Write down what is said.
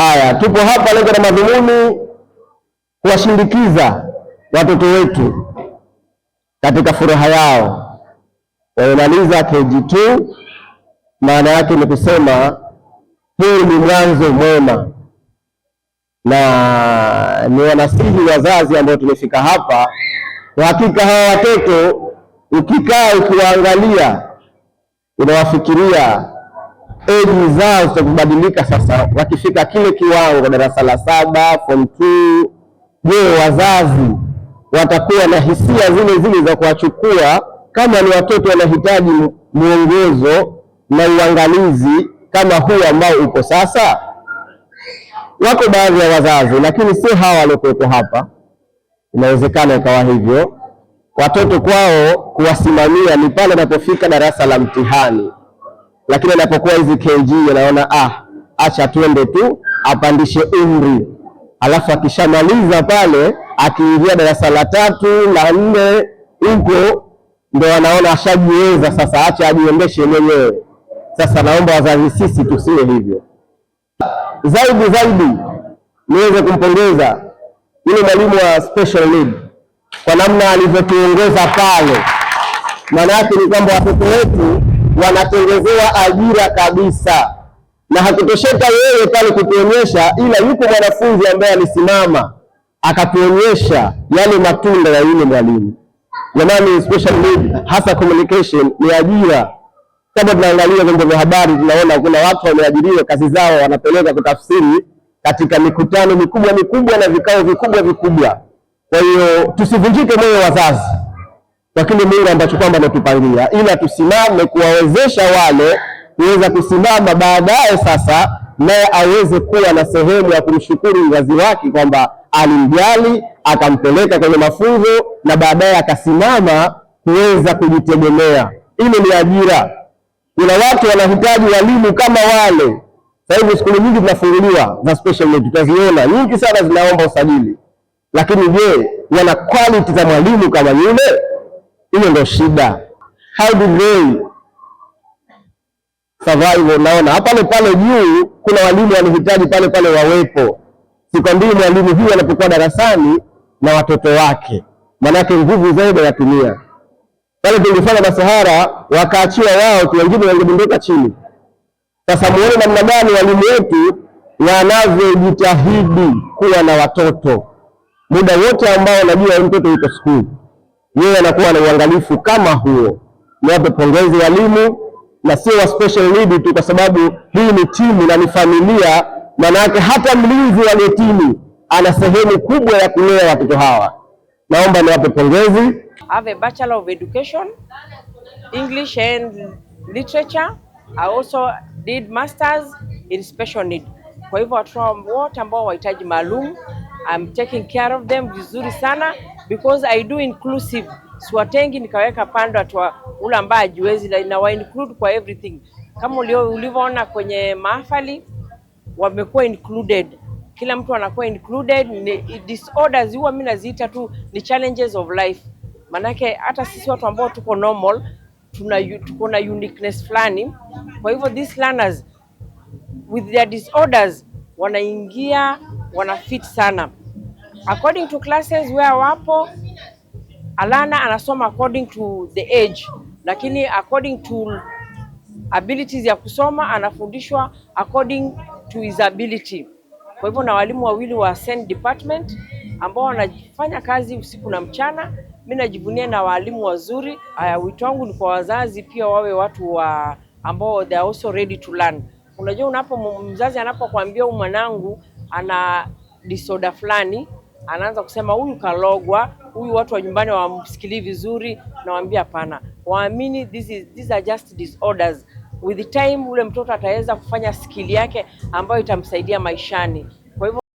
Haya, tupo hapa, lengo na madhumuni kuwashindikiza watoto wetu katika furaha yao. Wamemaliza KG2, maana yake ni kusema huu ni mwanzo mwema, na ni wanasihi wazazi ambao tumefika hapa. Kwa hakika hawa watoto ukikaa ukiwaangalia, unawafikiria age zao zitakubadilika sasa, wakifika kile kiwango darasa la saba form 2, je, wazazi watakuwa na hisia zile zile za kuwachukua kama ni watoto wanahitaji mwongozo na uangalizi kama huu ambao uko sasa? Wako baadhi ya wazazi, lakini sio hawa waliokuwepo hapa. Inawezekana ikawa hivyo, watoto kwao kuwasimamia ni pale wanapofika darasa la mtihani lakini anapokuwa hizi kg anaona ah, acha tuende tu apandishe umri, alafu akishamaliza pale, akiingia darasa la tatu la nne huko ndo anaona ashajiweza sasa, acha ajiendeshe mwenyewe. Sasa naomba wazazi, sisi tusiwe hivyo. Zaidi zaidi niweze kumpongeza yule mwalimu wa special need kwa namna alivyotuongoza pale. Maana yake ni kwamba watoto wetu wanatengezewa ajira kabisa, na hakutosheka yeye pale kutuonyesha, ila yuko mwanafunzi ambaye alisimama akatuonyesha yale matunda ya yule mwalimu. Jamani, special need hasa communication ni ajira. Kama tunaangalia vyombo vya habari, tunaona kuna watu wameajiriwa, kazi zao wanapeleka kutafsiri katika mikutano mikubwa mikubwa na vikao vikubwa vikubwa. Kwa hiyo tusivunjike moyo wazazi kwa kile Mungu ambacho kwamba ametupangia, ila tusimame kuwawezesha wale kuweza kusimama baadaye, sasa naye aweze kuwa na sehemu ya kumshukuru mzazi wake kwamba alimjali akampeleka kwenye mafunzo na baadaye akasimama kuweza kujitegemea. Ile ni ajira. Kuna watu wanahitaji walimu kama wale. Sasa hivi shule nyingi zinafunguliwa za special need, tutaziona nyingi sana, zinaomba usajili. Lakini je, wana quality za mwalimu kama yule? Hiyo ndio shida. How do they survive? Unaona hapa pale juu kuna walimu wanahitaji pale pale wawepo. Sikwambii mwalimu huyu anapokuwa darasani na watoto wake, manake nguvu zaidi anatumia pale. Tungefanya masahara wakaachiwa wao tu, wengine wangedondoka chini. Sasa muone namna gani walimu wetu wanavyojitahidi kuwa na watoto muda wote ambao wanajua mtoto yuko skuli yeye anakuwa na uangalifu kama huo. Niwape pongezi walimu na sio wa special need tu, kwa sababu hii ni timu na ni familia. Maanake hata mlinzi wa getini ana sehemu kubwa ya kulea watoto hawa. Naomba niwape pongezi. Have a bachelor of education English and literature. I also did masters in special need. Kwa hivyo watoto wote ambao wahitaji maalum, I'm taking care of them vizuri sana because I do inclusive, siwatengi nikaweka pando atwa ule ambaye ajiwezi, na wa include kwa everything kama ulivyoona kwenye mahafali wamekuwa included, kila mtu anakuwa included. Ni disorders huwa mimi naziita tu ni challenges of life, manake hata sisi watu ambao tuko normal tuna tuko na uniqueness fulani. Kwa hivyo these learners with their disorders wanaingia wanafit sana according to classes where wapo Alana anasoma according to the age, lakini according to abilities ya kusoma anafundishwa according to his ability. Kwa hivyo na walimu wawili wa SEND department ambao wanafanya kazi usiku na mchana. Mimi najivunia na walimu wazuri. Haya, wito wangu ni kwa wazazi pia wawe watu wa ambao they are also ready to learn. Unajua, unapo mzazi anapokuambia mwanangu ana disorder fulani anaanza kusema huyu kalogwa, huyu watu wa nyumbani wamsikilii vizuri. Nawaambia hapana, waamini this is, these are just disorders. With the time ule mtoto ataweza kufanya skili yake ambayo itamsaidia maishani.